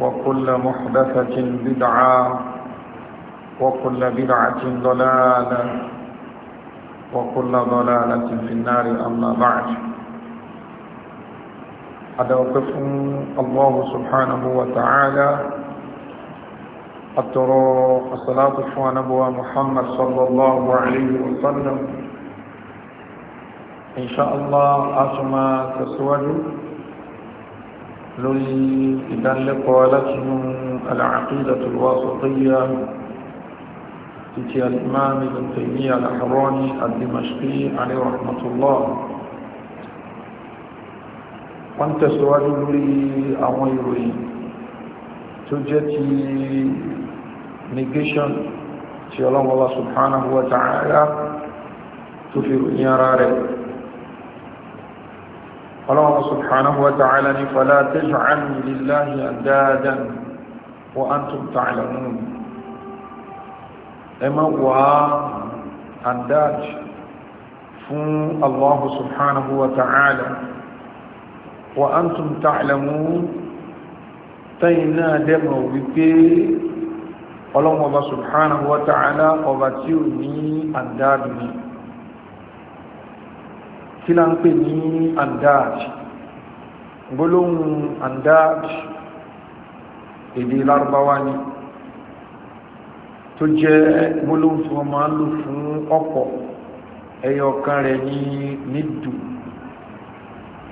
وكل محدثة بدعة وكل بدعة ضلالة وكل ضلالة في النار أما بعد وقف الله سبحانه وتعالى أترى الصلاة نبوى محمد صلى الله عليه وسلم إن شاء الله أسمى تسوجه lórí ìdánilẹ́kọ̀ọ́ látinú al-Aqeedah al-Wasitiyah títí al-Imam Ibn Taymiyyah al-Harrani ad-Dimashqi alayhi rahmatullah wọ́n tẹ̀síwájú lórí àwọn ìròyìn tó jẹ́ ti negation tí ọlọ́wọ́lá subhanahu wa ta'ala tó fi ròyìn ara rẹ̀ ọlọ́wọ́ subhanahu wa ta'ala ni fala taj'alu lillahi andadan wa antum ta'lamun ẹ má wà andad fún allahu subhanahu wa ta'ala wa antum ta'lamun tẹ́yìn náà dẹ́mọ̀ wípé ọlọ́wọ́ subhanahu wa ọba tí ò ní andad ni kí la ń pè ní andaj gbólóhùn andaj èdè lárúbáwá ni tó jẹ́ gbólóhùn tí wọ́n máa ń lò fún ọ̀pọ̀ ẹyọ ọ̀kan rẹ̀ ní nídù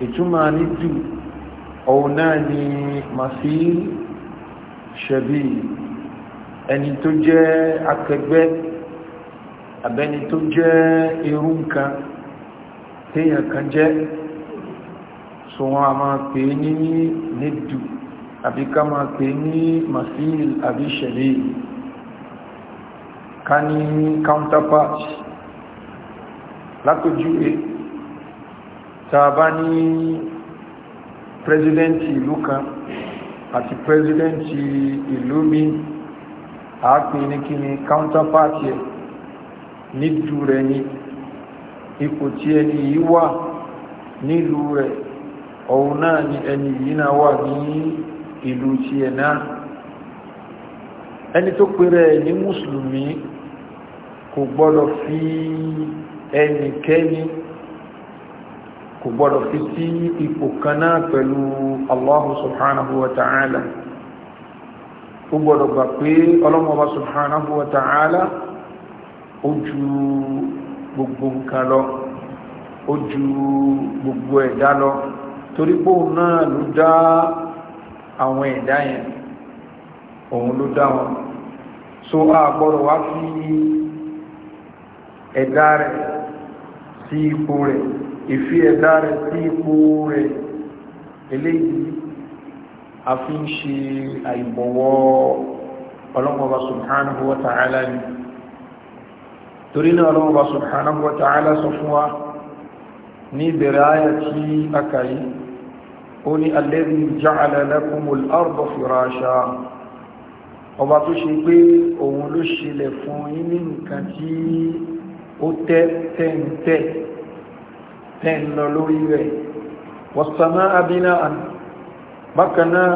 ìtumọ̀ nídù ọ̀hún náà ni màsí ṣẹ̀bí ẹni tó jẹ́ akẹgbẹ́ àbẹ́ni tó jẹ́ irú nǹkan téèyàn kan jẹ́ so wọn a máa pè ní nídù àbí ká máa pè ní masil àbí ṣẹ̀lẹ̀ ká ní counterpart lápèjúwe tá a bá ní pẹ́sidẹ́ntì ìlú kan àti pẹ́sidẹ́ntì ìlú mi àápè ní kí ni counterpart yẹ nídù rẹ̀ ní. Ni ipò tí ẹni yìí wà nílùú rẹ̀ ọ̀hun náà ni ẹni yìí náà wà ní ìlú tí ẹ̀ náà ẹni tó pèrè ẹ̀ ní mùsùlùmí kò gbọ́dọ̀ fi ẹnikẹ́ni kò gbọ́dọ̀ fi sí ipò kan náà pẹ̀lú Allahu subhanahu wa ta'ala ó gbọ́dọ̀ gbà pé ọlọ́mọba subhanahu wa ta'ala ó gbogbo nǹkan lọ ó ju gbogbo ẹ̀dá lọ torí pé òun náà ló dá àwọn ẹ̀dá yẹn òun ló dá wọn so a gbọ́dọ̀ wá fi ẹ̀dá rẹ̀ sí ipò rẹ̀ ìfi ẹ̀dá rẹ̀ sí ipò rẹ̀ eléyìí a fi ń ṣe àìbọ̀wọ̀ ọlọ́mọba subhanahu wa ta'ala ni torí náà lọ́wọ́ bá subhanahu wa ta'ala sọ fún wa ní ìbẹ̀rẹ̀ ayà tí a kàyí ó ní alladhi ja'ala lakumul arda firasha ọba tó ṣe pé òun ló ṣẹlẹ̀ fún yín nǹkan tí ó tẹ́ tẹ́ǹtẹ́ tẹ́ǹ lọ lórí rẹ̀ wọ̀sánà abínà bákanáà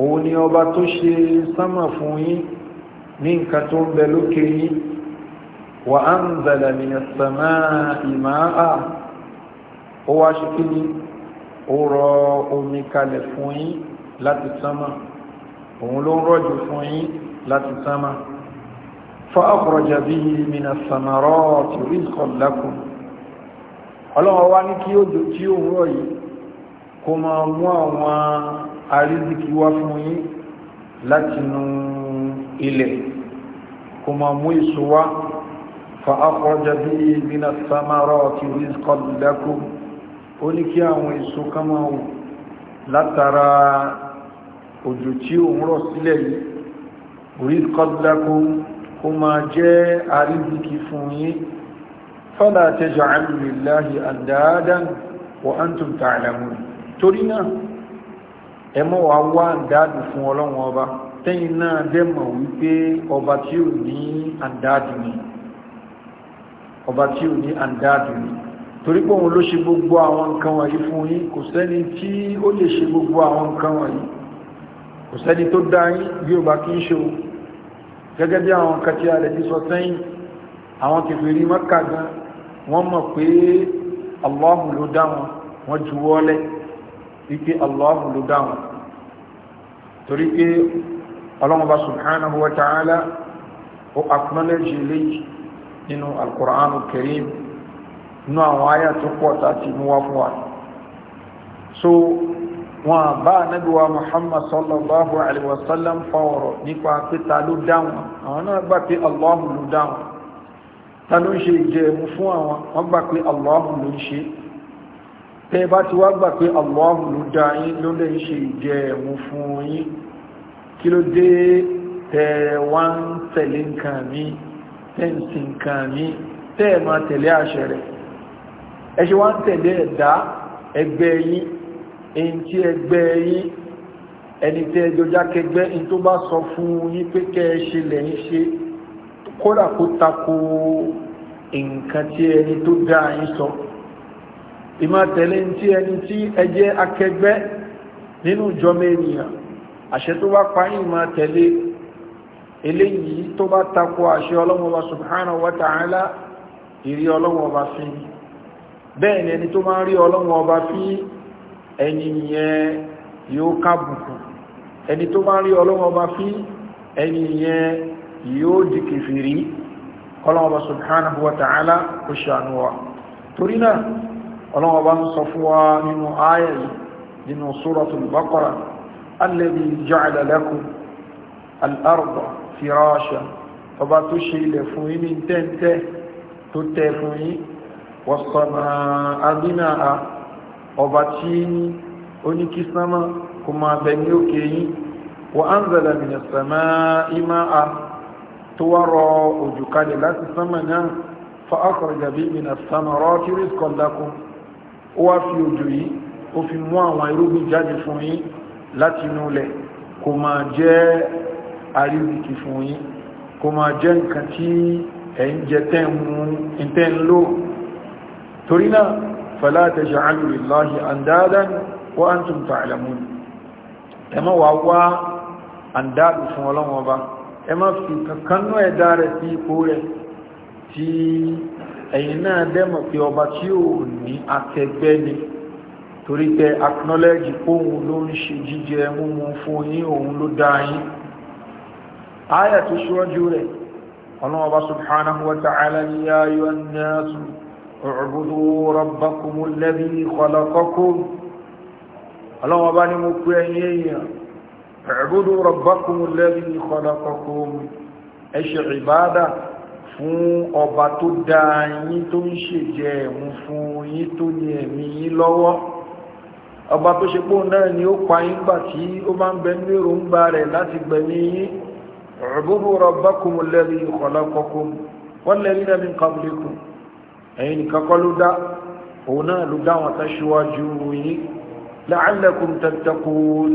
òun ni ọba tó ṣe sánmà fún yín ní nǹkan tó ń bẹ lókè yín وأنزل من السماء ماء ó wá ṣe kí ni ó rọ omi kalẹ̀ fún yín láti sánmà òun ló ń rọ̀jò fún yín láti sánmà فأخرج به من الثمرات رزقا لكم ọlọ́wọ́ wá ní kí òjò tí ó rọ̀ yìí kó máa mú àwọn àríziki wá fún yín látinú ilẹ̀ kó máa mú èso فأخرج به من الثمرات رزقا لكم oníkí àwọn èso kan máa wù látara òjò tí òun rọ̀ sílẹ̀ yìí rizqan lakum kó máa jẹ́ àríbìkì fún yín fala taj'alu lillahi andadan wa antum ta'lamun torí náà ẹ mọ́ wá wá àndáàdì fún ọlọ́run ọba tẹ́yìn náà dẹ́mọ̀ wípé ọba tí ò ní àndáàdì nìyí ọba tí ò ní àndáàdù ni torí pé òun ló ṣe gbogbo àwọn nǹkan wọ̀nyí fún yín kò sẹ́ni tí ó lè ṣe gbogbo àwọn nǹkan wọ̀nyí kò sẹ́ni tó dá yín bí ó bá kí ń ṣe o gẹ́gẹ́ bí àwọn nǹkan tí ti sọ sẹ́yìn àwọn kèfèrí Mákà gan wọ́n mọ̀ pé Allahu ló dá wọn wọ́n juwọ́lẹ̀ wípé Allahu ló dá wọn torí pé Ọlọ́hun subhanahu wa ta'ala ó acknowledge eléyìí nínú alkùránù karim nínú àwọn àyà tó pọ̀ tàbí mú wá fún wa so wọn bá anábíwá muhammad sallallahu alaihi wasallam fọwọ́rọ̀ nípa pé ta ló dáwọn àwọn náà gbà pé allahu ló dáwọn ta ló ń ṣe ìjẹ̀mú fún àwọn wọ́n gbà pé allahu ló ń ṣe tẹ́ bá ti wá gbà pé allahu ló dá yín ló lè ṣe ìjẹ̀mú fún yín kí ló dé tẹ́ wá ń tẹ̀lé nǹkan mìí tẹ́ǹsì nǹkan mi tẹ́ẹ̀ máa tẹ̀lé àṣẹ rẹ̀ ẹ ṣe wá ń tẹ̀lé ẹ̀dá ẹgbẹ́ yín èyí tí ẹgbẹ́ yín ẹni tẹ́ ẹjọ́ jákẹgbẹ́ in tó bá sọ fún yín pé kẹ́ ẹ ṣe lẹ́yìn ṣe kódà kó tako nǹkan tí ẹni tó dá yín sọ ìmá tẹ̀lé tí ẹni tí ẹ jẹ́ akẹgbẹ́ nínú ìjọmọ ènìyàn àṣẹ tó bá pa yín máa tẹ̀lé eléyìí tó bá takò àṣẹ ọlọ́mọba subhanahu wa ta'ala ìrí ọlọ́mọba fi bẹ́ẹ̀ ni ẹni tó máa rí ọlọ́mọba fi ẹni yẹn yóò kábùkù ẹni tó máa rí ọlọ́mọba fi ẹni yẹn yóò di kèfèrí ọlọ́mọba subhanahu wa ta'ala kò ṣàánú wa firasha ọba tó ṣe ilẹ̀ fún yín ní tẹ́ntẹ́ tó tẹ́ fún yín wọ́sọ̀nà adínàá ọba tí ó ní kí sánmà kó máa bẹ ní òkè yín wa anzala minas samaa'i ma'a tó wá rọ òjò kalẹ̀ láti sánmà náà fa akhraja bihi minas samarati rizqan lakum ó wá fi òjò yìí ó fi mú àwọn irúgbìn jáde fún yín láti inú ilẹ̀ máa jẹ́ àríwìkì fún yín kó máa jẹ́ nǹkan tí ẹ̀ ń jẹ tẹ́ ń lò torí náà fala taj'alu lillahi andadan wa antum ta'lamun ẹ má wá wá àndádù fún ọlọ́wọ́n ọba ẹ má fi kankanú ẹ̀dá rẹ̀ sí torí pé acknowledge póhun ló ń ṣe jíjẹ múmú fún yín òun ló dá yín آية tó ṣíwájú rẹ̀ ọlọ́ọ̀bá subhanahu wa ta'ala ni ya ayu annasu u'budu rabbakum alladhi khalaqakum ọlọ́ọ̀bá ni mo pé ẹ̀yin èèyàn u'budu rabbakum alladhi khalaqakum ẹ ṣe fún ọba tó dá yín tó ń ṣèjẹ ẹ̀mú fún yín tó ní ẹ̀mí yín lọ́wọ́ ọba tó ṣe pé náà ni ó pa yín gbà tí ó máa ń bẹ ní èròǹgbà rẹ̀ láti gbẹ̀mí yín u'budu rabbakum alladhi khalaqakum walladhina min qablikum ẹ̀yin nìkan kọ́ ló dá òun náà ló dá wọn tẹ́ṣíwájú yìí la'allakum tattaqun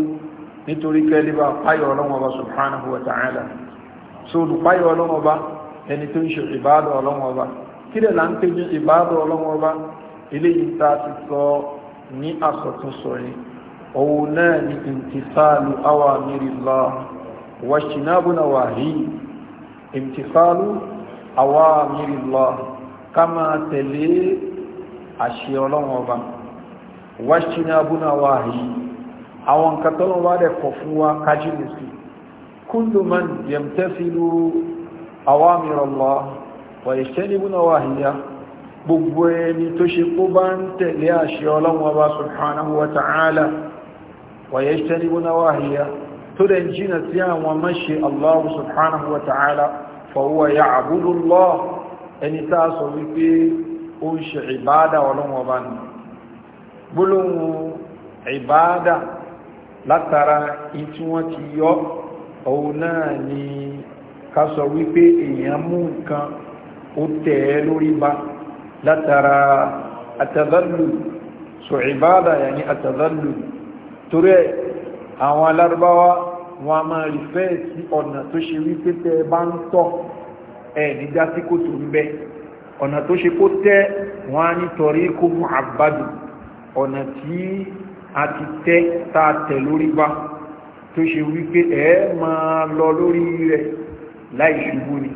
nítorí kẹ́lẹ́bà páyọ̀ ọlọ́wọ́ bá subhanahu wa ta'ala so olùpáyọ̀ ọlọ́wọ́ bá ẹni tó ń ṣe ìbádọ̀ ọlọ́wọ́ bá kí lè là ní ìbádọ̀ ọlọ́wọ́ bá eléyìí ti sọ ní àsọtúnsọ yìí òun náà ni intisalu awamirillah wàṣínábù náà wà rí ìmtìfàlù awamirillah ká máa tẹ̀lé àṣẹ ọlọ́run ọba wàṣínábù náà wà rí àwọn nǹkan tọ́lọ́ wá dẹ̀ kọ̀ fún wa kájínú sí kullu man yamtasilu awamirillah wà ìṣẹ́nibù náà wà híyá gbogbo ẹni tó ṣe kó bá ń tẹ̀lé àṣẹ ọlọ́run ọba subhanahu wa ta'ala wà yẹ́ṣẹ́nibù náà wà híyá tó dẹ̀ jìnà sí àwọn mọ́ṣe Allah subhanahu wa ta'ala fọwọ́ ya àbúrúlọ́ ẹni tá a sọ wípé ó ń ṣe ìbáadà ọlọ́wọ́ bá ní gbólóhùn ìbáadà látara ìtí wọ́n ti yọ òun náà ni ká sọ wípé èèyàn mú nǹkan ó tẹ̀ ẹ́ lórí ba látara àtàdánlù sọ ìbáadà yàní àtàdánlù torí ẹ̀ àwọn alárúbáwá wọn a máa rí fẹ́ sí ọ̀nà tó ṣe wí pé tẹ́ bá ń tọ̀ ẹ̀ nígbà tí kò tó ń bẹ ọ̀nà tó ṣe kó tẹ́ wọn á ní torí kó mú àbádùn ọ̀nà tí a ti tẹ́ tá tẹ̀ lórí bá tó ṣe wí pé ẹ máa lọ lórí rẹ̀ láì ṣubú ni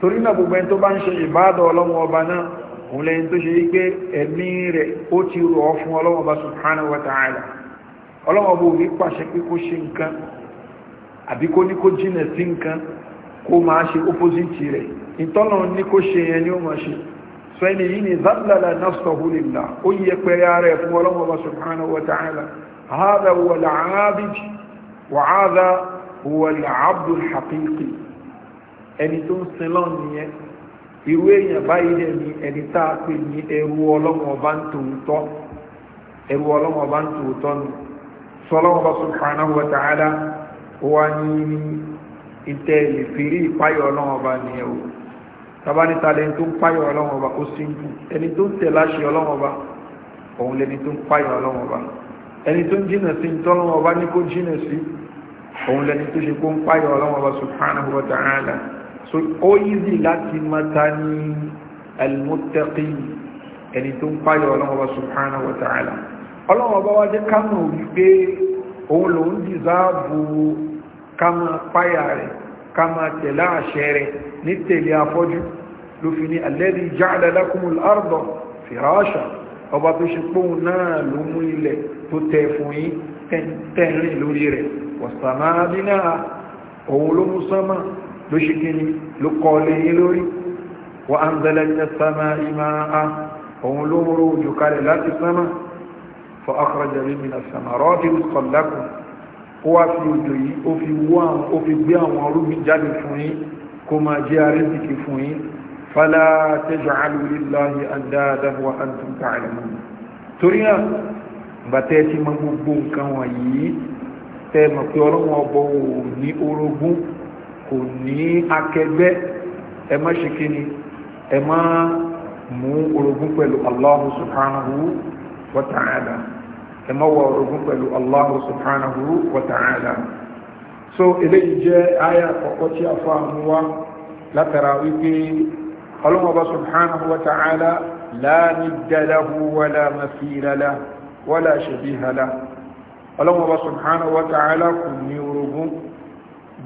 torí náà gbogbo ẹni tó bá ń ṣe ìbádọ̀ ọlọ́wọ́ ọba náà òun lẹ́yìn tó ṣe wí pé ẹ̀mí rẹ̀ ó ti rọ̀ fún ọlọ́wọ́ ọba subhanahu wa ta'ala ọlọ́wọ́ bó ní pàṣẹ pé kó ṣe nǹkan àbí kó ní kó jìnà sí nǹkan kó máa ṣe opposite rẹ̀ ìtọ́nà ní kó ṣe yẹn ni ó máa ṣe sọ ẹni yìí ni zálàlà nafsahu lillah ó yẹ pẹ̀rẹ̀ ààrẹ fún ọlọ́wọ́ bá subhanahu wa ta'ala hadha huwa al-abid wa ẹni tó ń sin lọ́n nìyẹn irú èèyàn báyìí dẹ̀ ni ẹni tá pè ní ẹrú ọlọ́wọ́ ń tòótọ́ ẹrú ọlọ́wọ́ ń tòótọ́ nù sọlọ́wọ́ subhanahu wa ta'ala wà ní ìtẹ́ ìfìrí ìpáyọ̀ ọlọ́run ọba nìyẹn o tabani talẹ̀ tó ń páyọ̀ ọlọ́run ọba ó sì ń bù ẹni tó ń tẹ̀ láṣẹ ọlọ́run ọba òun lẹni tó ń páyọ̀ ọlọ́run ọba ẹni tó ń jìnà sí tọ́lọ́run ọba ní kó jìnà sí òun lẹni tó ṣe kó ń páyọ̀ ọlọ́run ọba subhanahu so ó yízi láti mata ní al ẹni tó ń páyọ̀ ọlọ́run ọba subhanahu ọlọ́wọ́ bá wá jẹ́ kánù wípé òun lòun dìzáàbù kama páyà rẹ̀ kama tẹ̀lá àṣẹ rẹ̀ ní tẹ̀lé afọ́jú ló fi ní alladhi ja'ala lakumul arda firasha ọba tó ṣe pòun náà ló mú ilẹ̀ tó tẹ̀ fún yín tẹ̀rìn lórí rẹ̀ wasamaa binaa òun ló ló mú sánmà fa akhraja bihi mina samarati rizqan lakum ó wá fi òjò yìí ó fi wú àwọn ó fi gbé àwọn ọlúgbìn jáde fún yín kó máa jẹ́ àrísìkì fún yín fala taj'alu lillahi andadan wa antum ta'lamun torí náà bàtẹ́ ti mọ gbogbo nǹkan wọ̀nyí tẹ́ mọ̀ pé ọlọ́wọ́n ọbọ̀ ò ní orogún kò ní akẹgbẹ́ ẹ má ṣe kí ẹ má mú orogún pẹ̀lú Allahu subhanahu wa ta'ala ẹmọ́wọ̀ orogún pẹ̀lú Allah subhanahu wa ta'ala so eléyìí jẹ́ ayà àkọ́kọ́ tí a fọ́ àmúwá látara wípé ọlọ́mọba subhanahu wa ta'ala la nidda lahu wala mathila lahu wala shabiha lahu ọlọ́mọba subhanahu wa ta'ala kò ní orogún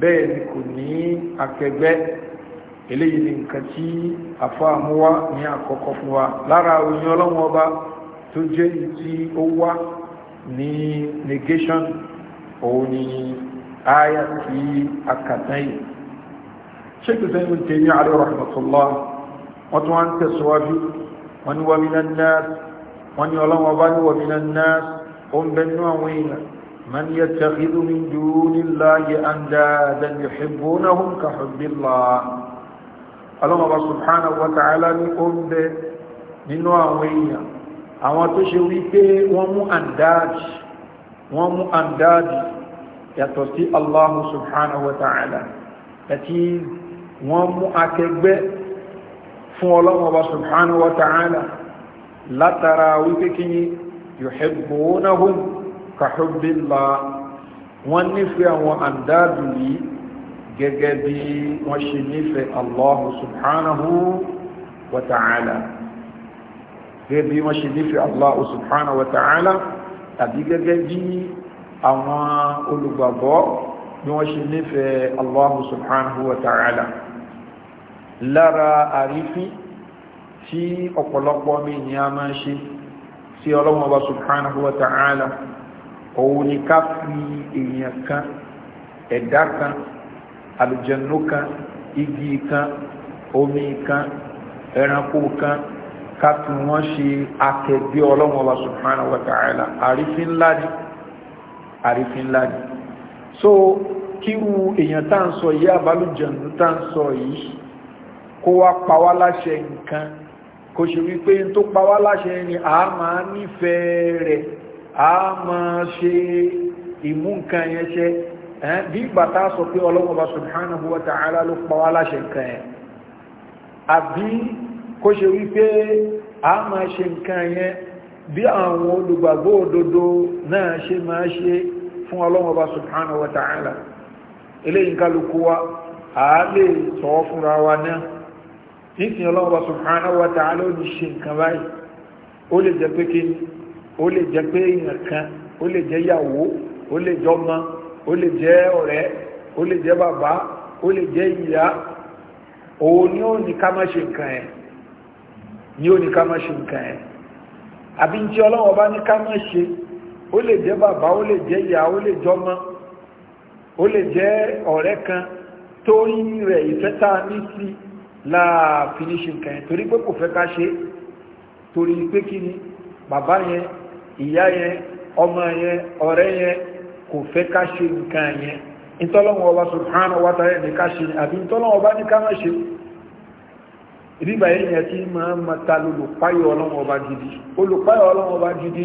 bẹ́ẹ̀ ni kò ní akẹgbẹ́ eléyìí ni nǹkan tí a ní tó jẹ́ ìtí ó wá ní negation òun ni aya tí a kàtán yìí ṣékù sẹ́yìn tẹ̀ ní alẹ́ rahmatullah wọ́n tún wá ń tẹ̀síwájú wọ́n ni wàmínà wọ́n ni ọlọ́wọ́ bá ní wàmínà náà ó ń àwọn èèyàn من يتخذ من دون الله أندادا يحبونهم كحب الله ọlọ́wọ́ bá subhanahu wa ta'ala ní ó ń bẹ nínú àwọn tó ṣe wípé wọ́n mú àndáàdì wọ́n mú àndáàdì yàtọ̀ sí Allahu subhanahu wa ta'ala àti wọ́n mú akẹgbẹ́ fún ọlọ́wọ́ subhanahu wa ta'ala látara wípé kí ni yuhibbunahum ka wọ́n nífẹ̀ẹ́ àwọn àndáàdì yìí gẹ́gẹ́ bí wọ́n ṣe nífẹ̀ẹ́ Allahu subhanahu wa ta'ala gẹ́gẹ́ bí wọ́n ṣe nífẹ̀ẹ́ Allah subhanahu wa ta'ala tàbí gẹ́gẹ́ bí àwọn olùgbàgbọ́ bí wọ́n ṣe nífẹ̀ẹ́ Allah subhanahu wa ta'ala lára àrífín tí ọ̀pọ̀lọpọ̀ mi ni a máa ṣe sí ọlọ́wọ́n ọba subhanahu wa ta'ala òun ni ká fi èèyàn kan ẹ̀dá kan àlùjànnú kan igi kan omi kan ẹranko kan ká tún wọ́n ṣe akẹgbẹ́ ọlọ́run ọba subhanahu wa ta'ala àrífín ńlá ni so kíru èèyàn tá à ń sọ yìí àbálùjẹ̀nu tá à ń sọ yìí kó wá pa wá láṣẹ nǹkan kò ṣe wípé tó pa wá láṣẹ ni a máa nífẹ̀ẹ́ rẹ̀ a máa ṣe ìmú nǹkan yẹn ṣe bí ìgbà tá a sọ pé ọlọ́run ọba subhanahu wa ló pa láṣẹ nǹkan yẹn àbí kó ṣe wípé a máa ṣe nǹkan yẹn bí àwọn olùgbàgbọ́ òdodo náà ṣe máa ṣe fún ọlọ́mọba subhanahu wa ta'ala eléyìn kálukú wa a lè sọ fúnra wa náà nísìn ọlọ́mọba subhanahu wa ta'ala ó ní ṣe nǹkan báyìí ó lè jẹ́ pé kíni ó lè jẹ́ pé èèyàn kan ó lè jẹ́ yàwó ó lè jẹ́ ọmọ ó lè jẹ́ ọ̀rẹ́ ó lè jẹ́ bàbá ó lè jẹ́ ìyá òun ni ó ní ká má ṣe nǹkan yẹn ni ó ní ká má ṣe nǹkan ẹ̀ àbí tí ọlọ́wọ́ bá ní ká má ṣe ó lè jẹ́ bàbá ó lè jẹ́ ìyá ó lè jọmọ ó lè jẹ́ ọ̀rẹ́ kan torí rẹ̀ ìfẹ́ tá a ní sí láàfin ní ṣe nǹkan ẹ̀ torí pé kò fẹ́ ká ṣe torí pé kí ni bàbá yẹn ìyá yẹn ọmọ yẹn ọ̀rẹ́ yẹn kò fẹ́ ká ṣe nǹkan yẹn ìtọ́lọ́wọ́ ọba subhanahu wa ta'ala ní ká ṣe àbí ìtọ́lọ́wọ́ ọba ní ká má ṣe ríbà èèyàn tí máa ma ta lólùpáyọ̀ ọlọ́wọ́ ọba gidi olùpáyọ̀ ọlọ́wọ́ ọba gidi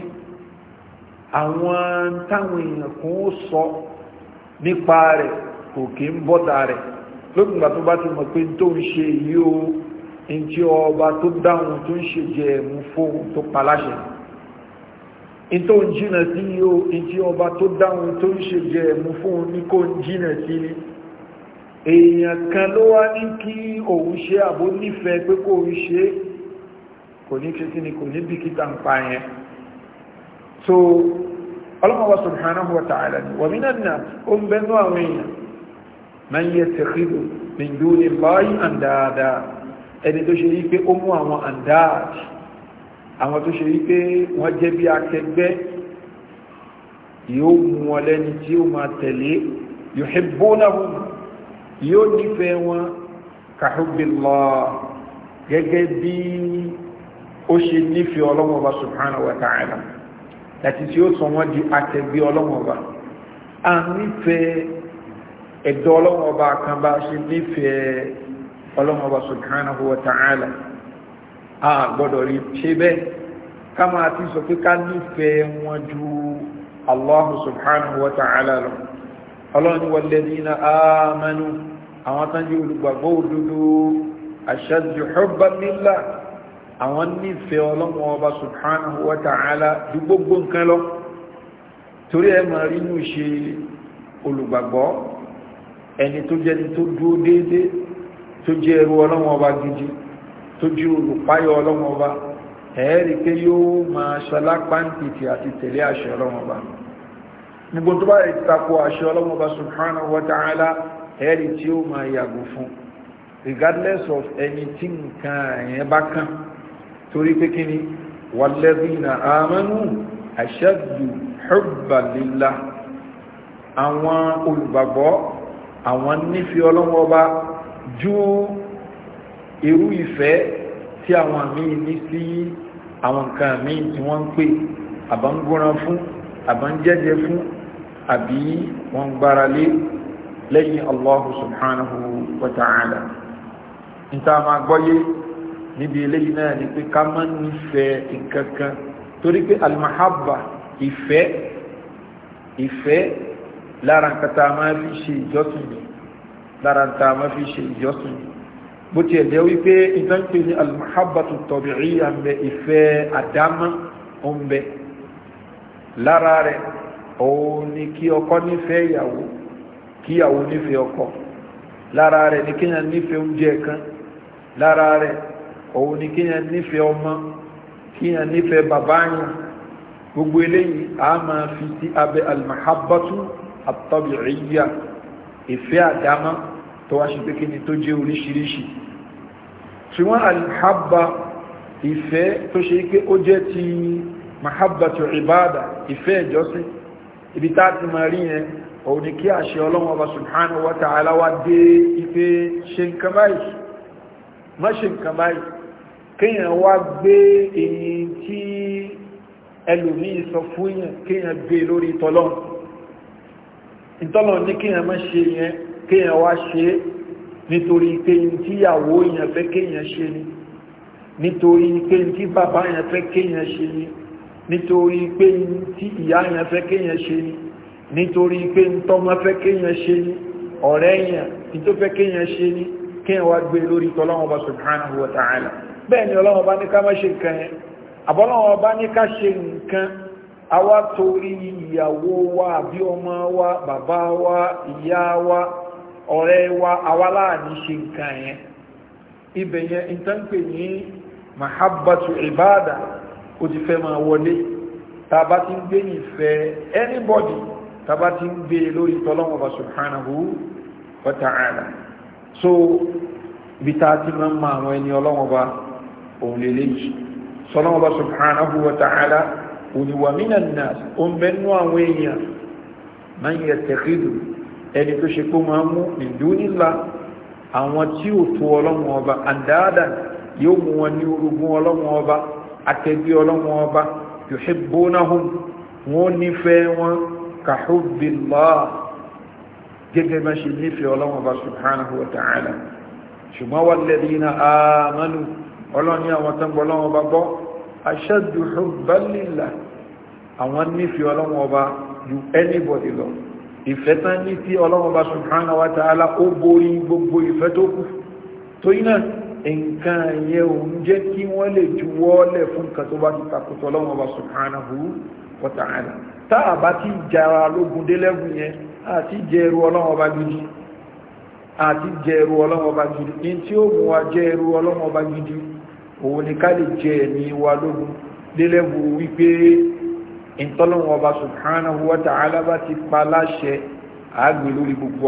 àwọn táwọn èèyàn kan ó sọ nípa rẹ̀ kò kí ń bọ́ta rẹ̀ lókùngbà tó bá ti mọ̀ pé tó ń ṣe yí o ń ọba tó dáhùn tó ń ṣe jẹ ẹ̀mú fóun tó paláṣẹ ń tó ń jìnà sí o ń ọba tó dáhùn tó ń ṣe jẹ ẹ̀mú fóun ní kó ń jìnà sí ni èèyàn kan ló wá ní kí òun ṣe àbó nífẹ̀ẹ́ pé kó òun ṣe kò ní ṣe kí ni kò ní bìkítà ń pa yẹn so ọlọ́mọba subhanahu wa àwọn tó ṣe wípé ó wọ́n jẹ́ bí akẹgbẹ́ yóò mú wọn tí ó máa tẹ̀lé yuhibbunahum yóò nífẹ̀ẹ́ wọn kàhùbìlọ́ gẹ́gẹ́ bí ó ṣe nífẹ̀ẹ́ ọlọ́wọ́n ọba subhanahu wa ta'ala láti tí ó sọ wọ́n di akẹgbẹ́ ọlọ́wọ́n ọba a nífẹ̀ẹ́ ẹ̀dọ́ ọlọ́wọ́n ọba kan bá ṣe nífẹ̀ẹ́ ọlọ́wọ́n ọba subhanahu wa ta'ala a gbọ́dọ̀ rí ṣe bẹ́ẹ̀ ká máa ti sọ pé ká nífẹ̀ẹ́ wọn ju Allahu subhanahu wa ta'ala lọ ọlọ́ni walladhina amanu àwọn tán jẹ́ olùgbàgbọ́ òdodo ashaddu hubban lillah àwọn nífẹ̀ẹ́ ọlọ́wọ́n ọba subhanahu wa ta'ala ju gbogbo nǹkan lọ torí ẹ máa rí inú ṣe olùgbàgbọ́ ẹni tó jẹ́ ni tó dúró déédéé tó jẹ́ ẹrú ọlọ́wọ́n ọba gidi tó jẹ́ olùpáyọ̀ ọlọ́wọ́n ọba ẹ̀ẹ́rì pé yóò máa ṣalápá nígbò tó bá rẹ̀ tako àṣẹ ọlọ́mọba subhanahu wa ta'ala ẹ̀rì tí ó máa yàgò fún regardless of ẹni tí nǹkan yẹn bá kàn torí pé kí ni walladhina amanu ashaddu hubban lillah àwọn olùgbàgbọ́ àwọn nífẹ̀ẹ́ ọlọ́mọba ju irú ìfẹ́ tí àwọn míì ní sí àwọn nǹkan míì tí wọ́n ń pè àbá fún àbá fún àbí wọ́n gbára lé lẹ́yìn allahu subhanahu wa ta'ala níta máa gbọ́yé níbi eléyìí náà ni pé ká má nífẹ̀ẹ́ nǹkan kan torí pé almahabba ìfẹ́ ìfẹ́ lára nǹkan tá a máa fi ṣe ìjọsìn ni lára nǹkan tá a fi ṣe ìjọsìn ni bó tiẹ̀ jẹ́ wípé ìtànkì ní almahabbatu tabi'iyya ń bẹ ìfẹ́ àdámá ń bẹ lára rẹ̀ òun ni kí ọkọ nífẹ̀ẹ́ ìyàwó kí ìyàwó nífẹ̀ẹ́ ọkọ lára rẹ̀ ni kíyàn nífẹ̀ẹ́ oúnjẹ kan lára rẹ̀ òun ni kíyàn nífẹ̀ẹ́ ọmọ kíyàn nífẹ̀ẹ́ bàbá yàn gbogbo eléyìí a máa fi sí abẹ́ almahabbatu atabi'iyya ìfẹ́ àdámá tó wá ṣe pé kí ni tó jẹ́ oríṣiríṣi ṣùgbọ́n almahabba ìfẹ́ tó ṣe pé ó jẹ́ ti mahabbatu ibada ìfẹ́ ìjọsìn ibi tá ti máa rí yẹn òun ni kí àṣẹ ọlọ́run ọba subhanahu wa ta'ala wá dé ipe ṣe nǹkan báyìí má ṣe nǹkan báyìí kéèyàn wá gbé èyí tí ẹlòmíì sọ fún yẹn kéèyàn gbé e lórí tọlọ́n ìtọ́lọ́n ní kéèyàn má ṣe yẹn kéèyàn wá ṣe é nítorí pé tíyàwó yẹn fẹ́ kéèyàn ṣe ni nítorí pé tí bàbá yẹn fẹ́ kéèyàn ṣe ni nítorí pé tí ìyá yẹn fẹ́ kéèyàn ṣe ni nítorí pé tọ́mọ fẹ́ kéèyàn ṣe ni ọ̀rẹ́ yẹn tí tó fẹ́ kéèyàn ṣe ni kéèyàn wá gbé lórí ta'ala ní ká má ṣe nǹkan yẹn àbọ́lọ́wọ́n ní ká ṣe nǹkan torí wa àbí ọmọ wa bàbá wa ìyá wa ọ̀rẹ́ wa láàní ṣe nǹkan yẹn ibẹ̀ yẹn ibada ó ti fẹ́ máa wọlé tá a bá ti ń gbé ìfẹ́ anybody tá a bá ti ń gbé e lórí tọ́lọ́wọ́n bá subhanahu wa ta'ala so ibi tá a ti máa ń ma àwọn ẹni ọlọ́wọ́n bá òun lè léyìí sọlọ́wọ́n bá subhanahu wa ta'ala òní wà minan nas àwọn èèyàn máa ń yẹ tẹ̀kídù ẹni tó ṣe kó máa mú ìdú nílá àwọn tí ò tó ọlọ́wọ́n ọba yóò mú wọn ní orogún ọlọ́wọ́n àtẹ̀bí ọlọ́run ọba yuhibbunahum wọn nífẹ̀ẹ́ wọn ka hubbillah gẹ́gẹ́ bá ṣe nífẹ̀ẹ́ ọlọ́run ọba subhanahu wa ta'ala ṣùgbọ́n walladhina amanu ọlọ́run ní àwọn tán gbọ́lọ́run ọba gbọ́ ashaddu hubban lillah àwọn nífẹ̀ẹ́ ọlọ́run ọba ju anybody lọ ìfẹ́ tán ní tí ó borí gbogbo ìfẹ́ tó kù tó yí nǹkan yẹ òun jẹ́ kí wọ́n lè juwọ́lẹ̀ fún nǹkan tó bá ti takùtọ̀ lọ́wọ́ bá taa wa tá a bá ti jara lógun délẹ́gùn yẹn àti ti ọlọ́wọ́ bá gidi àti ọlọ́wọ́ bá gidi ní tí ó mú wa jẹ́rú ọlọ́wọ́ bá gidi òun ni ká lè jẹ ẹ̀mí wa lógun délẹ́gùn wípé ìtọ́lọ́wọ́ bá subhanahu wa bá ti pa láṣẹ àgbè lórí gbogbo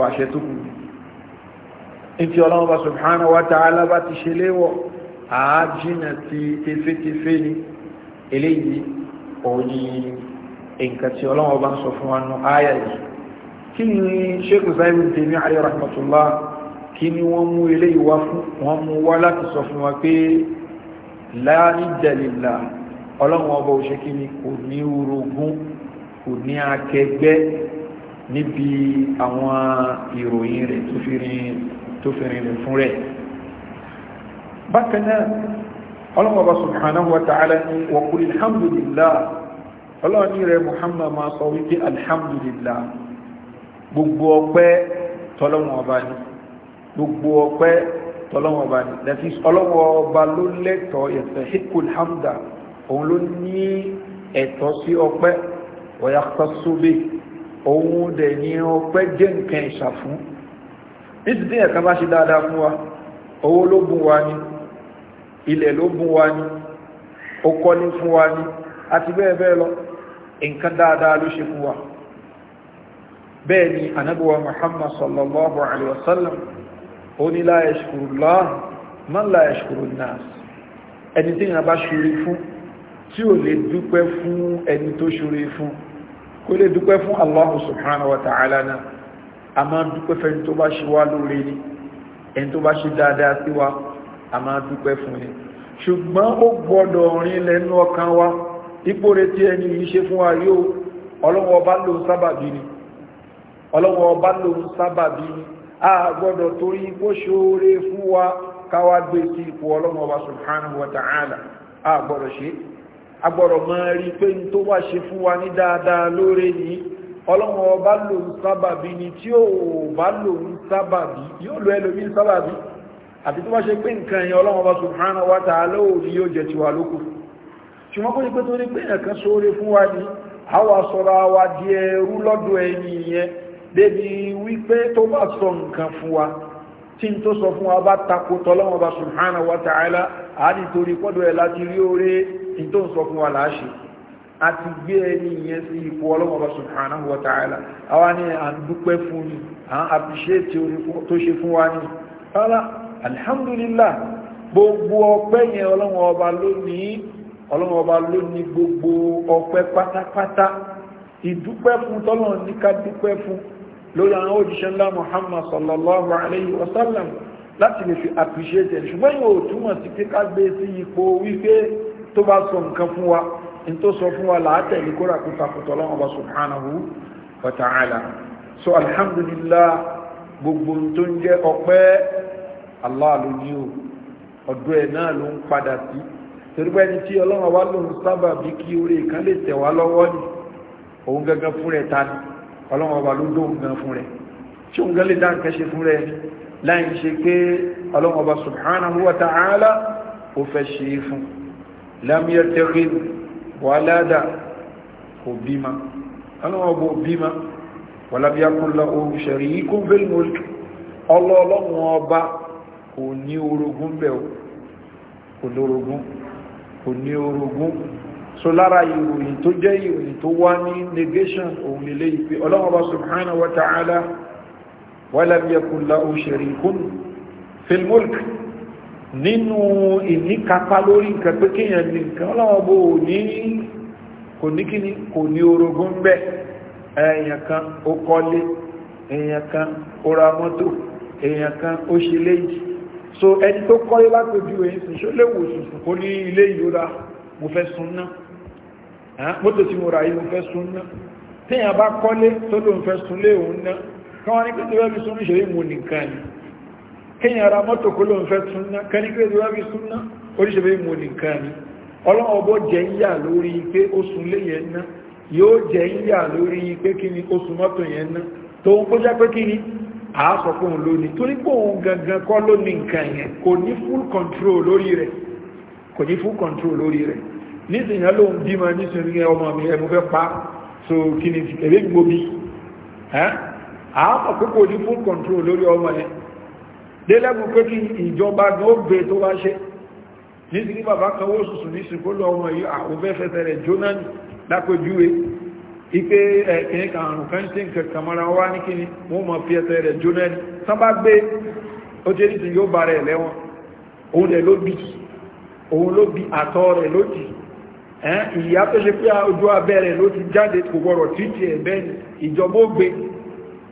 ìtì ọlọ́wọ́ bá subhanahu wa ta'ala bá ti ṣe léwọ̀ àájínà ti tefetefe ni eléyìí òní nǹkan tí ọlọ́wọ́ bá ń sọ fún wa nù áyà yìí kí ni sheikh zayim tèmi ayé rahmatullah kí ni wọ́n mú eléyìí wá fún wọ́n mú wá láti sọ fún wa pé láìdẹ̀lélà ọlọ́wọ́ ọba òṣè kí ni kò ní orogún kò ní akẹgbẹ́ níbi àwọn ìròyìn rẹ̀ tó fi rin tó fi rìnlẹ̀ fún rẹ̀ bákan náà ọlọ́mọba subhanahu wa ta'ala ni wa qul alhamdulillah ọlọ́ọ̀ni rẹ̀ muhammad máa sọ wípé alhamdulillah gbogbo ọpẹ́ tọ́lọ́wọ́n ọba ni gbogbo ọpẹ́ tọ́lọ́wọ́n ọba ni that is ọlọ́wọ́ ọba ló òun ló ní ẹ̀tọ́ sí ọpẹ́ wa òun dẹ̀ ní ọpẹ́ jẹ́ nǹkan ìṣàfún nítorí ẹ̀kan bá ṣe dáadáa fún wa owó ló bùn wa ní ilẹ̀ ló bùn wa ní ó kọ́lé ni wa ní àti bẹ́ẹ̀ bẹ́ẹ̀ lọ nǹkan dáadáa ló ṣe bee ni anabuwa muhammad sallallahu alaihi wasallam ó ní la yashkurullah man la yashkurun nas ẹni tí ìyàn bá ṣúrí fún tí ò lè dúpẹ́ fún ẹni tó ṣúrí fún kó lè dúpẹ́ fún allahu subhanahu wa ta'ala náà a máa dúpẹ́ fẹ́ tó bá ṣe wá lóore ní ẹni tó bá ṣe dáadáa sí wa a máa dúpẹ́ fún ni ṣùgbọ́n ó gbọ́dọ̀ rìn lẹ́nu ọkàn wa ipò retí ẹni yìí ṣe fún wa yóò ọlọ́wọ́ ọba ló wa káwá gbé a gbọ́dọ̀ a gbọ́dọ̀ máa rí pé ní tó ọlọ́mọ ọba lò ń sábàbí ni tí ó bá lò ń sábàbí yóò lò ẹlòmí ń sábàbí àti tó bá ṣe pé nǹkan ẹ̀yàn ọlọ́mọ ọba subhanahu wa ta'ala ni yóò jẹ tiwa lókù ṣùgbọ́n kó ní pé torí pé ẹ̀kan sóore fún wa ni àwa sọ̀rọ̀ àwa di ẹrú lọ́dọ̀ ẹni yẹn débi wípé tó bá sọ nǹkan fún wa tí n tó sọ fún wa bá takò tọ́lọ́mọ ọba subhanahu wa ta'ala àá nítorí pọ́dọ̀ ẹ̀ láti rí oore tí tó ń sọ fún wa láà àti gbé ẹni yẹn sí ipò ọlọ́mọba subhanahu wa ta'ala àwa ni à fún ni à ń appreciate tó ṣe fún wa ni rárá alhamdulillah gbogbo ọpẹ́ yẹn ọlọ́mọba ló ní ọlọ́mọba ló ní gbogbo ọpẹ́ pátápátá ìdúpẹ́ fún tọ́lọ̀ ní ká Muhammad sallallahu alayhi wa sallam láti lè fi appreciate ẹ̀ ṣùgbọ́n yóò túmọ̀ sí pé ká gbé in tó sọ fún wa látẹ̀lé kó ràkú takùtọ̀ lọ́wọ́ ọba subhanahu wa so alhamdulillah gbogbo tó ń jẹ́ ọpẹ́ Allah ló ní o ọ̀dọ̀ ẹ̀ náà ló ń padà sí torípé ẹni tí ọlọ́run wa lòun sábà bí kí orí kan lè tẹ̀ wá lọ́wọ́ ni òun gangan fún rẹ̀ ta ni ọlọ́run ọba ló dóhun gan fún rẹ̀ tí òun gan lè dá nǹkan ṣe fún rẹ̀ láì ṣe pé ọlọ́run ọba subhanahu wa ó fẹ́ ṣe é fún lam yattakhidh wàládà kò bímá aláwọ̀bò bímá wàlábíákúnlá ohun ṣẹ̀rí ikún belmulk ọlọ́ọ̀lọ́wọ̀n ọba kò ní orogún bẹ̀ kò lórogún kò ní orogún so lára ìròyìn tó jẹ́ ìròyìn tó wá ní negation òun lè léyìí ọlọ́wọ̀bá subhanahu wa ta'ala wàlábíákúnlá ohun ṣẹ̀rí ikún nínú ìníkapá lórí nǹkan pé kíyàn ní nǹkan ọlọ́wọ́ bó ní kò ní kíní kò ní orogún bẹ́ èèyàn kan ó kọ́lé èèyàn kan ó ra mọ́tò èèyàn kan ó ṣe léyìí so ẹni tó kọ́lé lápẹjú èyí sì ṣó léwu sùsùn kó ní ilé ìrora mo fẹ́ sun náà mọ́tò tí mo ra yìí mo fẹ́ sun náà téèyàn bá kọ́lé tó lóun fẹ́ sun òun náà kí wọ́n ní pé kéyàn ra mọ́tò kó ló ń fẹ́ súnná kẹ́líkẹ́ ìlú rábí súnná oríṣẹ́fẹ́ mú nìkan ni ọlọ́wọ́ ọbọ̀ jẹ́ yà lórí pé ó sùn lé yẹn ná yóò jẹ́ yà lórí pé kí ni ó sùn mọ́tò yẹn ná tó ń kójá pé kí ni àásọ fún òun lónìí torí pé òun gangan kọ́ ló ní nǹkan yẹn kò ní full control lórí rẹ̀ kò ní full control lórí rẹ̀ nísìnyí lóun bímọ nísìnyí ọmọ mi ẹ̀ mo fẹ́ pa so kí ni ẹ̀rẹ́ gbòmí àásọ pé kò ní full control lórí ọmọ yẹn délẹ́bù pé kí ìjọba ní ó gbé tó wá ṣe ní sí ní bàbá kan ó sùsù ní sìnkó lọ ọmọ yìí àwòfẹ́fẹ́fẹ́ rẹ̀ jóná lápójúwe ipe ẹ̀kẹ́ àrùn kan tí nǹkan kàmọ́ra wá ní kíni wọ́n mọ̀ fi ẹsẹ̀ rẹ̀ jóná ní tán bá gbé ó jẹ́ nítí yóò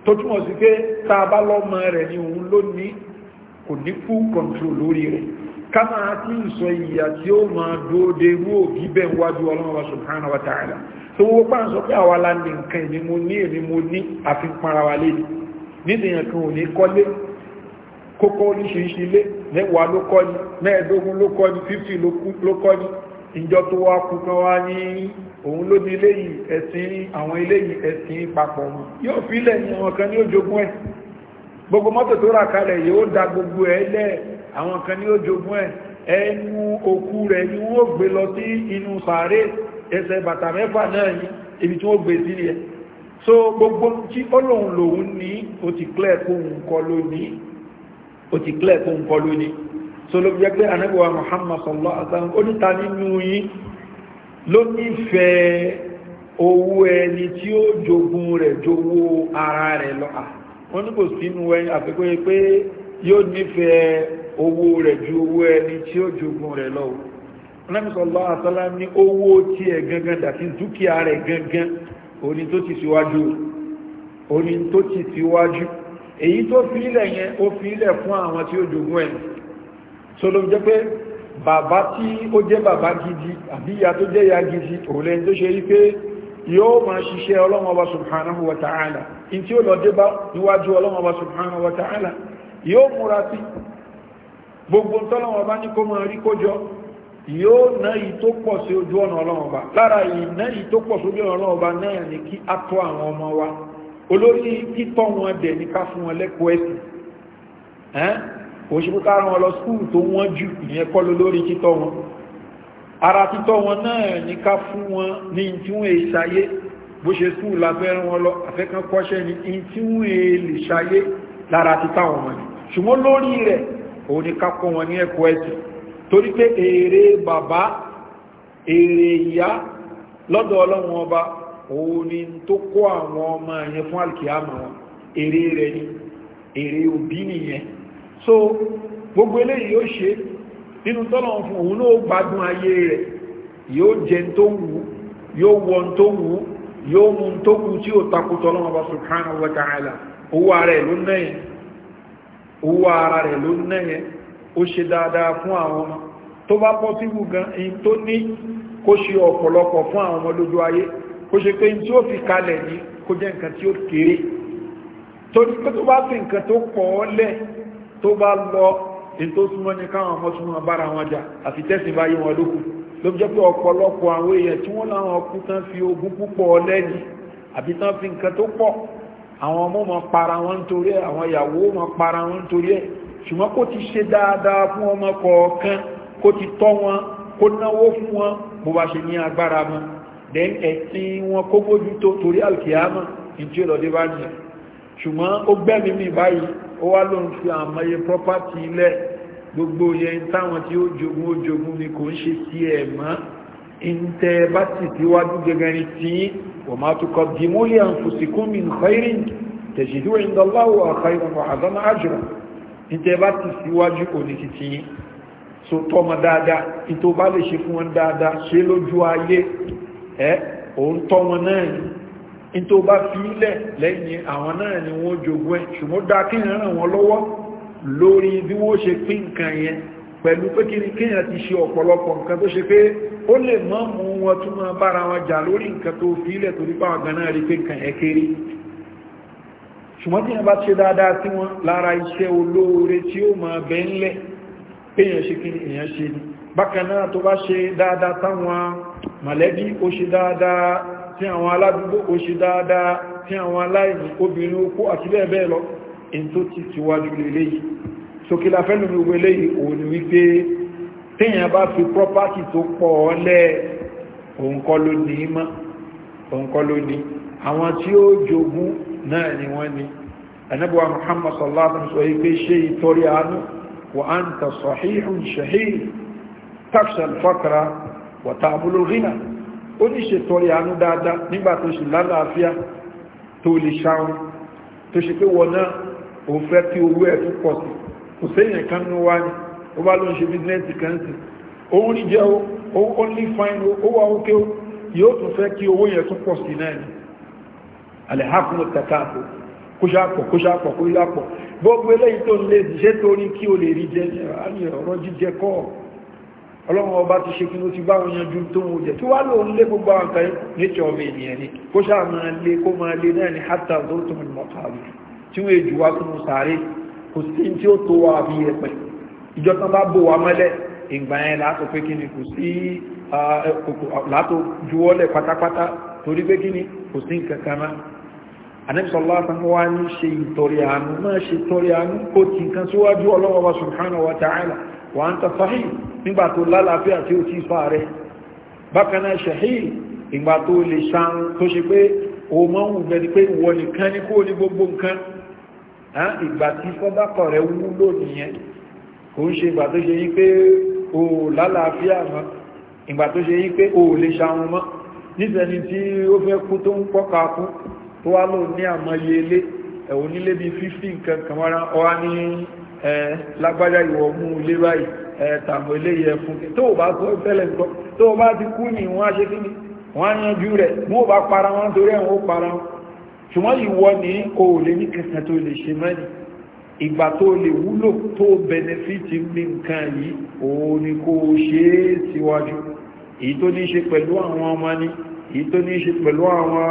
tó ṣe ni ìjọba sí pé tá bá lọ́mọ rẹ̀ ni òun ló ní kò ní full control lórí rẹ̀ ká máa tí ń sọ ìyà tí ó máa dóde rú òbí bẹ́ẹ̀ wájú ọlọ́run wa subhanahu wa ta'ala tó wó pàà sọ pé àwa la ní nǹkan ìní mo ní èmi mo ní àfi para wa lé nídìyàn kan ò ní kọ́lé kókó oríṣiríṣi ilé mẹ́wàá ló ni mẹ́ẹ̀ẹ́dógún ló òun ló ní ilé yìí ẹ̀sìn àwọn ilé yìí ẹ̀sìn papọ̀ yóò fi ilẹ̀ àwọn kan ní ó ẹ̀ gbogbo mọ́tò tó rà kalẹ̀ yóò da gbogbo ẹ̀ lẹ̀ àwọn kan ní ó jogún ẹnu òkú rẹ̀ ni wọ́n gbé lọ sí inú sàárè ẹsẹ̀ bàtà mẹ́fà náà ní ibi tí wọ́n gbé sí ẹ̀ so gbogbo tí ọlọ́run lòun ní ó ti clear kó ń kọ lónìí so ló jẹ́ pé anábíwá Muhammad sallallahu alaihi wasallam ó níta nínú yín ló nífẹ̀ẹ́ owó ẹni tí ó jogún rẹ̀ jowó ara rẹ̀ lọ́à ah, wọ́n ní kò sínú ẹni àfikún yìí pé yóò nífẹ̀ẹ́ owó rẹ̀ ju owó ẹni tí ó jogún rẹ̀ lọ ọlọ́mísọ̀lọ́ àtọ́lá ní owó tí ẹ̀ gangan dàti dúkìá rẹ̀ gangan oní tó ti síwájú oní tó ti síwájú èyí tó fílẹ̀ yẹn ó fílẹ̀ fún àwọn tí ó jogún ẹ̀ so jẹ́ pé bàbá tí ó jẹ́ bàbá gidi àbí ìyá tó jẹ́ ìyá gidi òun lẹ́ni tó ṣe rí pé yóò máa ṣiṣẹ́ ọlọ́run ọba subhanahu wa ta'ala in tí ó lọ dé bá níwájú ọlọ́run ọba subhanahu wa ta'ala yóò múra sí gbogbo tọ́lọ́run ọba ní kó máa rí kójọ yóò ná yìí tó pọ̀ sí ojú ọ̀nà ọlọ́run ọba lára yìí ná yìí tó pọ̀ sí ojú ọ̀nà ọlọ́run ara títọ́ wọn náà ní ká fún wọn ní tí wọ́n èyí sáyé bó ṣe sùn lábẹ́rún wọn lọ àfẹ́kán kọ́ṣẹ́ ní tí wọ́n èlè sáyé lára títà wọn wọn ṣùgbọ́n lórí rẹ̀ òun ní ká kọ́ wọn ní ẹ̀kọ́ ẹ̀sìn torí pé èrè bàbá èrè ìyá lọ́dọ̀ ọlọ́run ọba so gbogbo eléyìí nínú tọ́lọ̀ fún òun náà gbádùn ayé rẹ̀ yóò jẹ tó wù yóò wọ tó wù yóò mú tó wù tí ó takùtọ̀ lọ́wọ́ bá subhanahu wa ta'ala owó ara ẹ̀ ló nẹ́yẹn owó ara rẹ̀ ló nẹ́yẹn ó ṣe dáadáa fún àwọn ọmọ tó bá pọ́ sí wù gan èyí tó ní kó ṣe ọ̀pọ̀lọpọ̀ fún àwọn ọmọ lójú ayé kó ṣe pé tí ó fi kalẹ̀ ní kó jẹ́ nǹkan tí ó kéré torí pé tó bá fi nǹkan tó pọ̀ ọ́ lẹ̀ tó bá lọ èyí tó súnmọ́ ní káwọn ọmọ súnmọ́ bára wọn jà àfi tẹ́sìn bá yí wọn lókù ló fi jẹ́ pé ọ̀pọ̀lọpọ̀ àwọn èèyàn tí wọ́n láwọn ọkú tán fi ogún púpọ̀ lẹ́yìn àbí tán fi nǹkan tó pọ̀ àwọn ọmọ mọ para wọn nítorí ẹ̀ àwọn ìyàwó mọ para wọn nítorí ẹ̀ ṣùgbọ́n kó ti ṣe dáadáa fún ọmọ kọ̀ọ̀kan kó ti tọ́ wọn kó náwó fún wọn bó bá ṣe ní agbára mọ́ then ẹ̀sìn wọn kó bójú tó torí alkiyama ìjẹ́ ìlọ́dé bá ṣùgbọ́n ó gbẹ́mìí mi báyìí ó wá lóun fi àmọye property lẹ́ẹ̀ gbogbo yẹn táwọn tí ó jogun ó jogun ni kò ń ṣe sí ẹ̀ mọ́ ìntẹ́ bá sì síwájú gẹ́gẹ́ ni tí wọ́n máa tukọ̀ dìmúlì àǹfùsìkúnmí khairin tẹ̀sídú ìdánláwò àkàìrùn àzánà àjùrà ìntẹ́ bá sì síwájú òní títí yìí so tọ́mọ dáadáa ìtò bá lè ṣe fún wọn dáadáa ṣe lójú ayé ẹ́ òun tọ́ wọn náà ni ìtò bá fi ilẹ̀ lẹ́yìn àwọn náà ni wọ́n jogun ẹ̀ ṣùgbọ́n dáa kí ìrìnrìn wọn lọ́wọ́ lórí bí wọ́n ṣe pín nǹkan yẹn pẹ̀lú pé kí ni kíyàn ti ṣe ọ̀pọ̀lọpọ̀ nǹkan tó ṣe pé ó lè mọ́ mú wọn tún máa bára wọn jà lórí nǹkan tó fi ilẹ̀ torí pàwọn gan náà rí pé nǹkan yẹn kéré ṣùgbọ́n tí wọ́n bá ṣe dáadáa sí wọn lára iṣẹ́ olóore tí ó máa bẹ́ ńlẹ̀ péyàn ṣe kí èyàn ṣe ní bákanáà tó bá ṣe dáadáa táwọn mọ̀lẹ́bí ó ṣe dáadáa tí àwọn aládùúgbò ó ṣe dáadáa tí àwọn aláìní obìnrin okó àti bẹ́ẹ̀ bẹ́ẹ̀ lọ in tó ti tíwájú lélẹ́yìí sókè la fẹ́lú gbogbo eléyìí òun wípé téèyàn bá fi property tó pọ̀ ọ́lẹ̀ òun kọ́ ló ní mọ́ òun kọ́ ló ní àwọn tí ó jogún náà ni wọ́n ní anábíwá muhammad sallallahu alaihi wasallam sọ wípé ṣe ìtọ́rí àánú wa anta sahihun shahih taksha al-faqra wa ta'bulu al-ghina ó ní ṣe tọ́rí àánú dáadáa nígbà tó ṣe lálàáfíà tó lè ṣáwọn tó ṣe pé wọ náà òun fẹ́ kí owó ẹ̀ tún pọ̀ sí kò séèyàn kan nínú wa ni ó bá ló ń ṣe bísínẹ́sì kan sí òun ní jẹ́ ó ní fain ó wà ókè ó yóò tún fẹ́ kí owó yẹn tún pọ̀ sí náà ni alẹ́hàkùn tàkàtò kóṣàpọ̀ kóṣàpọ̀ kóṣàpọ̀ gbogbo eléyìí tó ń lè ṣiṣẹ́ torí kí o lè rí jẹ ọ̀rọ̀ jíjẹ kọ́ ọlọ́run ọba ti ṣe kí ló ti bá wọn yanjú tó ń jẹ tí wá lò ń lé gbogbo àwọn kan nature of ènìyàn ni kóṣàmọ́ lé kó máa lé náà ni hátà tó tó mọ̀ tí wọ́n èjù wá sínú sàárè kò sí tí ó tó wá àbí ẹ̀pẹ̀ ìjọ tán bá bò wá mọ́lẹ̀ ìgbà yẹn látò pé kí ni kò sí látò juwọ́lẹ̀ pátápátá torí pé kí ni kò sí nǹkan kan wa ta'ala wa anta sahih nígbà tó lálàáfíà tí ó ti fa rẹ̀ bákanáà ṣahih ìgbà tó lè ṣan tó ṣe pé o mọ́ ń gbẹni pé ìwọ nìkan ní kó ní gbogbo nǹkan ìgbà tí sọ́dákọ̀ rẹ̀ wúlò nìyẹn kò ń ṣe ìgbà tó ṣe yí pé o lálàáfíà mọ́ ìgbà tó ṣe yí pé o lè ṣàwọn mọ́ nísẹni tí ó fẹ́ kú tó ń pọ́ka kú tó wá lò ní àmọye ilé ẹ̀wọ̀n nílé bí 50 nǹkan kan wára ọwá ni wọ́n á yanjú rẹ̀ wọ́n bá para ṣùgbọ́n ìwọ ní o lè ní kẹsàn tó lè ṣe mẹ́ni ìgbà tó lè wúlò tó benefit ní nǹkan yìí o ní kó ṣe é síwájú èyí tó ní ṣe pẹ̀lú àwọn ọmọ ni èyí tó ní ṣe pẹ̀lú àwọn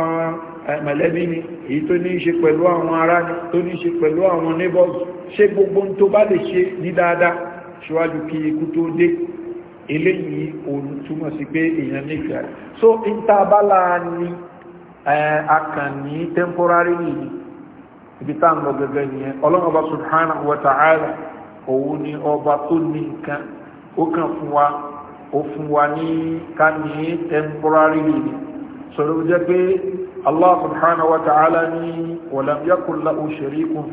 mẹ̀lẹ́bí ni èyí tó ní ṣe pẹ̀lú àwọn ará ni tó ní ṣe pẹ̀lú àwọn neighbors ṣe gbogbo tó bá lè ṣe ní dáadáa ṣíwájú kí ikú tó dé eléyìí òun túmọ̀ sí pé èèyàn nífẹ̀ẹ́ so ìtabálà ni akànnì temporary nìyí ibi tá ń lọ gẹ́gẹ́ nìyẹn ọlọ́run ọba subhanahu wa ta'ala òun ni ọba tó ní nǹkan ó kàn fún wa ó fún wa ní kànnì temporary nìyí sọ̀rọ̀ jẹ́ pé allah subhanahu wa ta'ala ní walam yakun lahu sharikun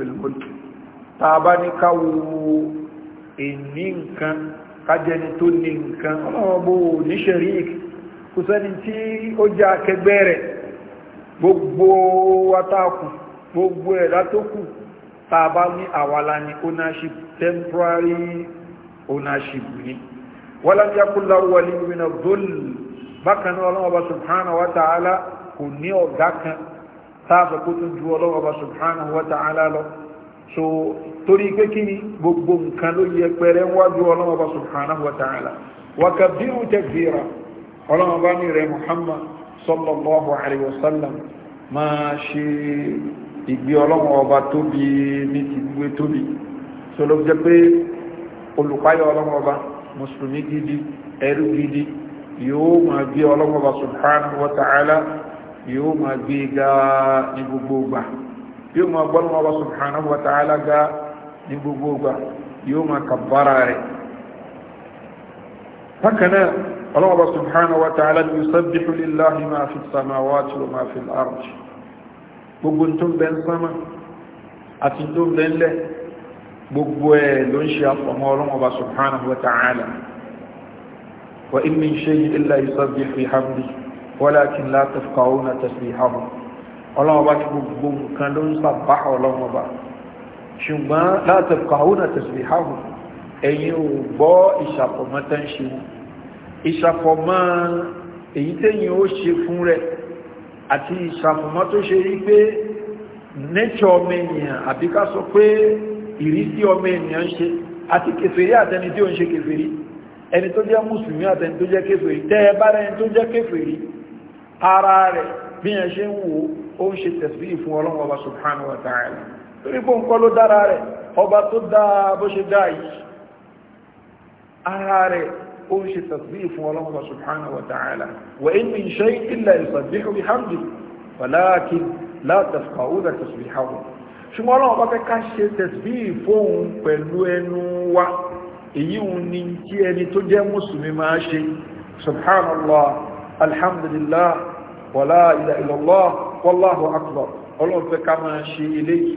tá a bá ní káwo ìní nǹkan kájẹni tó ní nǹkan ọlọ́run ọba ò ní sharik kò sẹ́ni tí ó jẹ́ akẹgbẹ́ rẹ̀ gbogbo wátákù gbogbo ẹ̀dá tó kù tàbá ní àwàlá ní ownership temporary ownership ní wọ́lá ní akúlá wọlé ìrìnà dole bákan náà ọlọ́wọ́ bá subhanahu wa ta'ala kò ní ọ̀gá kan tàbà kó tún ju ọlọ́wọ́ bá subhanahu wa ta'ala lọ so torí pé kí ni gbogbo nǹkan ló yẹ pẹrẹ wájú ọlọ́wọ́ bá subhanahu wa ta'ala wàkàbírù tẹ̀gbìrà ọlọ́wọ́ bá ní rẹ̀ muhammad sallallahu alaihi wasallam máa ṣe ìgbé ọlọ́run ọba tóbi ní ti gbé tóbi tó ló jẹ́ pé olùpáyọ̀ ọlọ́run ọba mùsùlùmí gidi ẹrú gidi yóò máa gbé ọlọ́run ọba subhanahu wa ta'ala yóò máa gbé ga ní gbogbo ìgbà yóò máa gbọ́ ọba subhanahu wa ga ní gbogbo ìgbà yóò máa kàbára rẹ̀ ọlọ́wọ́bọ̀ subhanahu wa ta'ala ni yusabbihu lillahi ma fi samawati wa ma fi al-ardi gbogbo tó ń bẹ ń sánmà àti tó ń bẹ ń lẹ̀ gbogbo ẹ̀ ló ń ṣe àpamọ́ ọlọ́wọ́bọ̀ subhanahu wa ta'ala wa in min shay'in illa yusabbihu bihamdi walakin la tafqahuna tasbihahu ọlọ́wọ́bọ̀ ni gbogbo nǹkan ló ń sàbá ọlọ́wọ́bọ̀ ṣùgbọ́n la tafqahuna tasbihahu ẹ̀yin ò gbọ́ ìṣàpọ̀mọ́tán ṣe wọn ìṣàfọ̀mọ́ èyí tẹ́yìn ó ṣe fún rẹ̀ àti ìṣàfọ̀mọ́ tó ṣe rí pé nature ọmọ ènìyàn àbí ká sọ pé ìrísí ọmọ ènìyàn ṣe àti kèfèrí àtẹni tí ó ń ṣe kèfèrí ẹni tó jẹ́ mùsùlùmí àtẹni tó jẹ́ kèfèrí tẹ́ ẹ tó jẹ́ kèfèrí ara rẹ̀ bí ẹ ṣe ń wò ó ń ṣe tẹ̀sílì fún ọlọ́run ọba subhanahu wa ta'ala torí pé nǹkan ló dára rẹ̀ يكونش تصديف ولله سبحانه وتعالى وإن من شيء إلا يصدح بحمده ولكن لا تفقهون تصبيحه شو مالا بك كاش تصديف فلوين و إيون نتيني يعني تجي مسلم ما شيء سبحان الله الحمد لله ولا إله إلا الله والله أكبر الله كما شيء إليه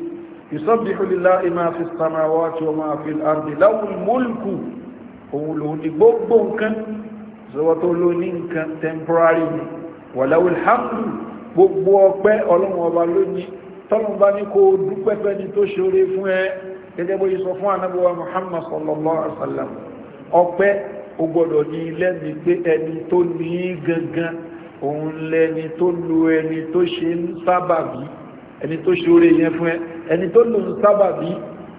يصبح لله ما في السماوات وما في الأرض له الملك òun lòun ní gbogbo nǹkan sọwọ́ tó ló ní nǹkan temporary ni wàláwò alhamdu gbogbo ọpẹ́ ọlọ́run ọba ló ní tọ́lọ́run bá ní kó dúpẹ́ fẹ́ni tó ṣeré fún ẹ gẹ́gẹ́ bó yí sọ fún anábọ̀wá muhammad sallallahu alaihi wasallam ọpẹ́ ó gbọ́dọ̀ ní lẹ́ni pé ẹni tó ní gangan òun lẹ́ni tó lo ẹni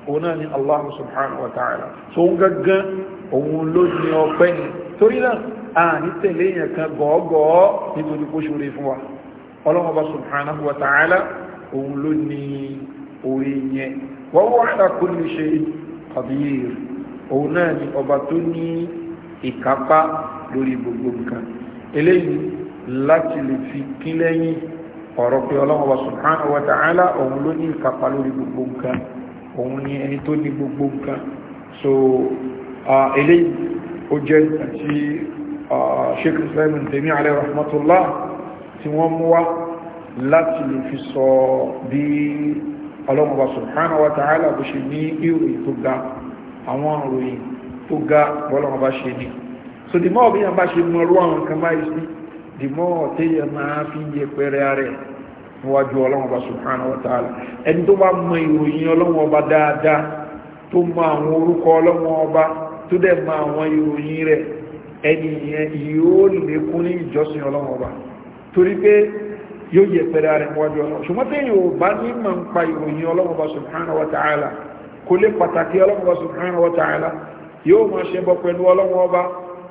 òun náà ni Allah subhanahu wa ta'ala tó ń gángan òun ló ní ọpẹ́ ni torí náà a ní tẹ̀lé èèyàn kan gọ́ọ̀gọ́ nítorí kó ṣúrí fún wa ọlọ́run ọba subhanahu wa ta'ala òun ló ní orí yẹn wa huwa ala kulli shay'in qadir òun náà ni ọba tó ní ìkápá lórí gbogbo nǹkan eléyìí láti lè fi kílẹ́yìn ọ̀rọ̀ pé ọlọ́run subhanahu wa ta'ala òun ló ní ìkápá lórí gbogbo nǹkan òun ni ẹni tó ní gbogbo nǹkan so eléyìí ó jẹ́ àti sheikh islam tèmi alẹ́ rahmatullah tí wọ́n mú wá láti lè fi sọ bí ọlọ́mọba subhanahu wa ta'ala bó ṣe ní ìròyìn tó ga àwọn ìròyìn tó ga bọ́lọ́mọba ṣe ní so the more bí yàn bá ṣe mọ̀ ọrú àwọn kan báyìí sí the more téèyàn máa fi yẹpẹrẹ rẹ̀ níwájú ọlọ́run ọba subhanahu wa ta'ala ẹni tó bá mọ ìròyìn ọlọ́run ọba dáadáa tó mọ àwọn orúkọ ọlọ́run ọba tó dẹ̀ mọ àwọn ìròyìn rẹ̀ ẹni yẹn yóò lékún ní ìjọsìn ọlọ́run ọba torí pé yóò yẹ pẹ̀lú ààrẹ níwájú ọlọ́run ṣùgbọ́n tẹ́yìn ò bá ní mọ̀ ń pa ìròyìn ọlọ́run ọba subhanahu wa ta'ala kò lè pàtàkì ọlọ́run ọba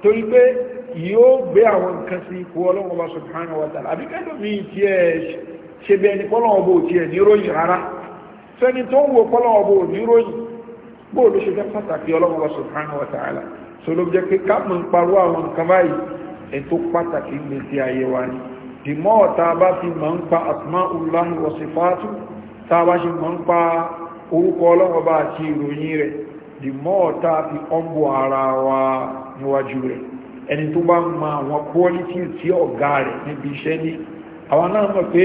torí pé yóò gbé àwọn nǹkan sí ipò ọlọ́run ọba subhanahu wa ta'ala àbíkẹ́lómi tí ẹ ṣe bí ẹni pọ́lọ́wọ́ bó ti ẹ̀ níròyìn rárá fẹ́ni tó ń wo pọ́lọ́wọ́ bó níròyìn bó ló ṣe fẹ́ pàtàkì ọlọ́wọ́ subhanahu wa ta'ala so ló jẹ́ pé ká mọ̀ ń parọ́ àwọn nǹkan báyìí ẹ̀ tó pàtàkì ní ti ayé wa ni dìmọ́ ọ̀ta bá fi mọ̀ ń pa asma'ullahi wa tá àwọn náà mọ̀ pé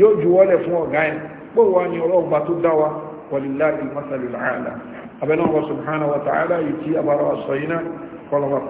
yóò juwọ́lẹ̀ fún ọ̀gá ẹ̀ pé wà ní ọlọ́ọ̀gbà tó dá wa walillahi al-masalul a'la abẹ́nà wa subhanahu wa ta'ala yìí tí abára wa sọ iná kọlọ̀wà